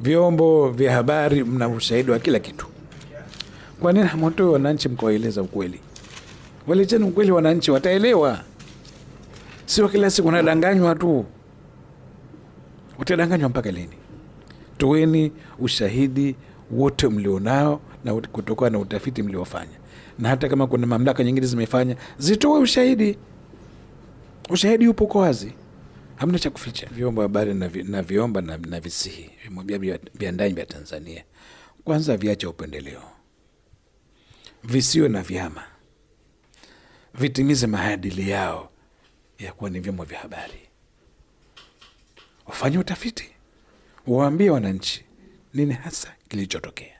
vyombo vya habari mna ushahidi wa kila kitu kwa nini hamwatoi wananchi mkawaeleza ukweli waleteni ukweli wananchi wataelewa sio kila siku nadanganywa tu utadanganywa mpaka lini toeni ushahidi wote mlionao na kutokana na utafiti mliofanya na hata kama kuna mamlaka nyingine zimefanya zitoe ushahidi ushahidi upo kwa wazi hamna cha kuficha. Vyombo habari naviomba na, na visihi vimwambia vya ndani vya Tanzania, kwanza viache upendeleo, visiwe na vyama, vitimize maadili yao ya kuwa ni vyombo vya habari. Wafanye utafiti, waambie wananchi nini hasa kilichotokea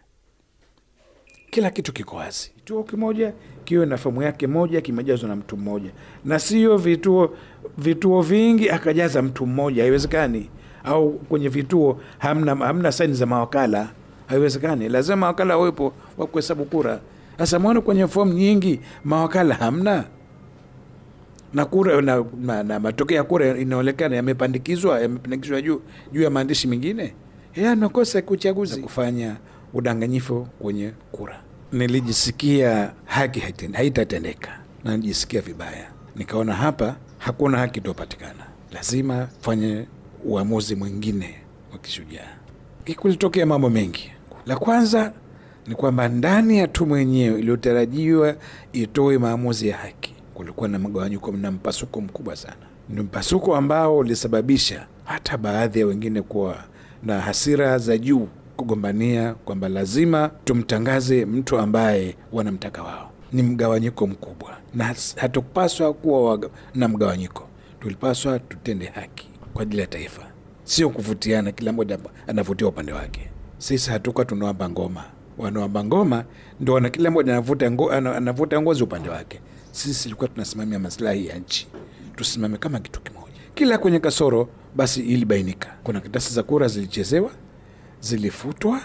kila kitu kiko wazi. Kituo kimoja kiwe na fomu yake moja, kimejazwa na mtu mmoja, na sio vituo vituo vingi akajaza mtu mmoja, haiwezekani. Au kwenye vituo hamna, hamna saini za mawakala, haiwezekani. Lazima mawakala wawepo wa kuhesabu kura. Sasa mwone kwenye fomu nyingi mawakala hamna na kura na, na, na matokeo ya kura inaonekana yamepandikizwa yamepandikizwa juu juu ya maandishi mengine, yanakosa kuchaguzi kufanya udanganyifu kwenye kura. Nilijisikia haki haitatendeka na nijisikia vibaya, nikaona hapa hakuna haki itopatikana, lazima fanye uamuzi mwingine wa kishujaa. Kulitokea mambo mengi. La kwanza ni kwamba ndani ya tume yenyewe iliyotarajiwa itoe maamuzi ya haki, kulikuwa na mgawanyiko na mpasuko mkubwa sana. Ni mpasuko ambao ulisababisha hata baadhi ya wengine kuwa na hasira za juu kugombania kwamba lazima tumtangaze mtu ambaye wanamtaka wao. Ni mgawanyiko mkubwa, na hatupaswa kuwa na mgawanyiko. Tulipaswa tutende haki kwa ajili ya taifa, sio kuvutiana, kila mmoja anavutia upande wake. Sisi hatukuwa tunaomba ngoma, wanaomba ngoma ndo wana kila mmoja anavuta ngo, anavuta ngozi upande wake. Sisi ilikuwa tunasimamia maslahi ya nchi, tusimame kama kitu kimoja. Kila kwenye kasoro basi ilibainika, kuna karatasi za kura zilichezewa zilifutwa,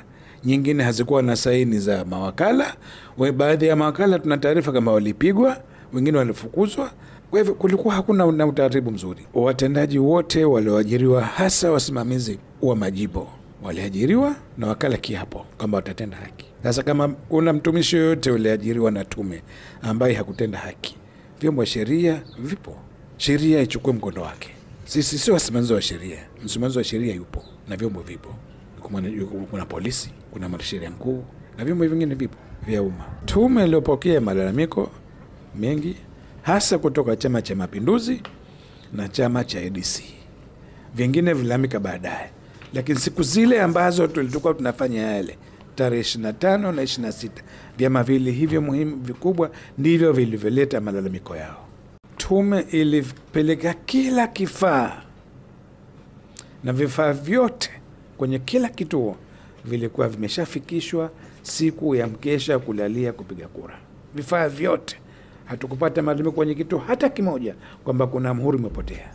nyingine hazikuwa na saini za mawakala. We, baadhi ya mawakala tuna taarifa kama walipigwa, wengine walifukuzwa. Kwa hivyo kulikuwa hakuna na utaratibu mzuri. Watendaji wote walioajiriwa, hasa wasimamizi wa majimbo, waliajiriwa na wakala kiapo kwamba watatenda haki. Sasa kama kuna mtumishi yoyote uliajiriwa na tume ambaye hakutenda haki, vyombo vya sheria vipo, sheria ichukue mkondo wake. Sisi sio wasimamizi wa sheria, msimamizi wa sheria yupo na vyombo vipo kuna polisi, kuna mwanasheria mkuu na vyombo vingine vipo vya umma. Tume iliyopokea malalamiko mengi hasa kutoka Chama cha Mapinduzi na chama cha ADC, vingine vilalamika baadaye, lakini siku zile ambazo tulikuwa tunafanya yale tarehe 25 na 26, vyama vile hivyo muhimu vikubwa ndivyo vilivyoleta malalamiko yao. Tume ilipeleka kila kifaa na vifaa vyote kwenye kila kituo vilikuwa vimeshafikishwa siku ya mkesha kulalia kupiga kura, vifaa vyote. Hatukupata malalamiko kwenye kituo hata kimoja kwamba kuna mhuri umepotea.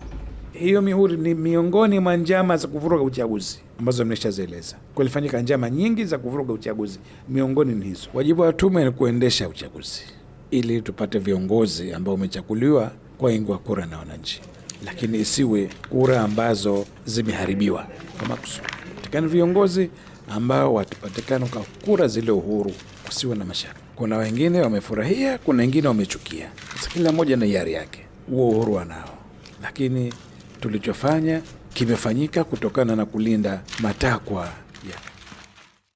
Hiyo mihuri ni miongoni mwa njama za kuvuruga uchaguzi ambazo nimeshazieleza. Kulifanyika njama nyingi za kuvuruga uchaguzi, miongoni ni hizo. Wajibu wa tume ni kuendesha uchaguzi ili tupate viongozi ambao wamechaguliwa kwa wingi wa kura na wananchi, lakini isiwe kura ambazo zimeharibiwa kwa makusudi wapatikane viongozi ambao watapatikana kwa kura zile uhuru, kusiwe na mashaka. Kuna wengine wamefurahia, kuna wengine wamechukia. Sasa kila mmoja na hiari yake, huo uhuru anao, lakini tulichofanya kimefanyika kutokana na kulinda matakwa